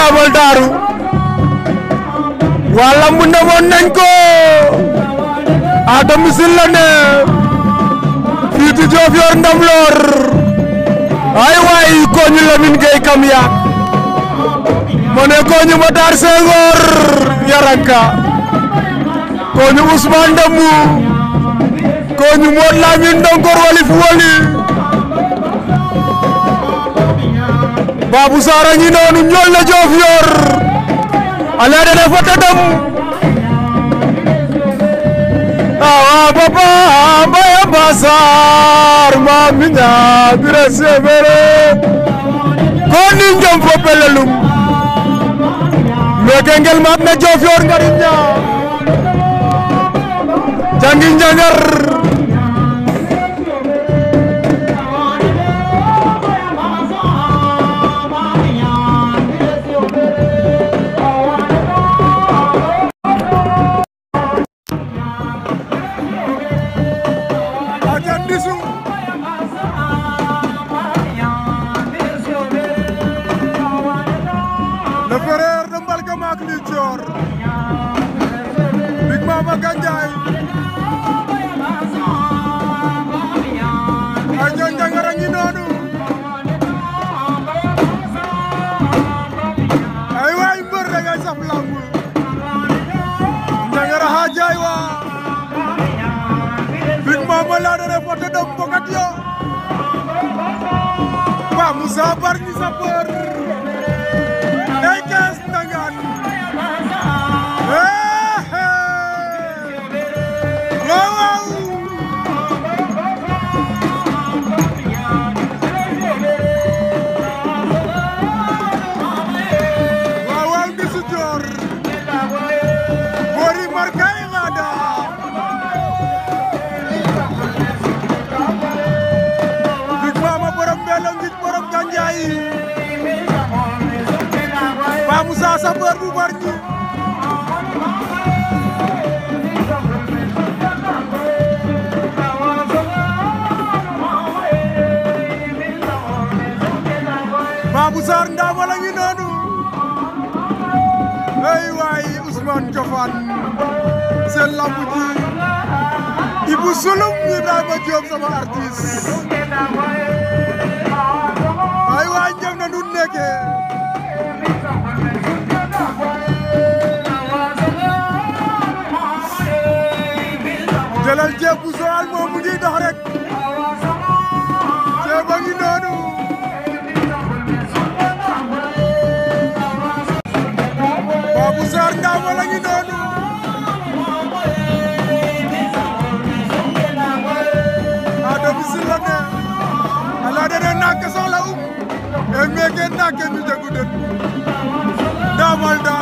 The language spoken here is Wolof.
ndaamal daaru waa lamb ndamoon nañ ko à domicile la ne fii ci Diofior Ndam Lor ay waay koñu Lamine Gueye kam ya mo ne koñu Matar Senghor yaranka koñu Ousmane Ndambu koñu Modou Lamine Donkor Walif Wali Babou Sarr ngi noonu ñool la joof yor ale dene fota dam awa ah, papa mbaya mbasar ma miña bire sefere ko ni njom fo pelelum meke ngel maat na joof yor ngariñ ña jangi njangar Jor Big Mama Gandiaye ay John Jangara ngi noonu ay waay mbër da ngay saf lamb Jangara ha jaay wa Big Mama la do re foto dom bokat yo Pa Moussa Bargny Sapeur sapeur bu Bargny Babou Sarr Ndama la ngi noonu ay waay Ousmane Diofane seen lamb ji Ibou Sulum Ibrahima Diop sama artiste ay waay njëg na nu nekkee jëlal Thieb bu Joal moom mu ngi dox rek ngi noonu Babou Sarr Ndamal a ngi noonu Ada Bissila ne ala dene nak soxla um e meke nake mi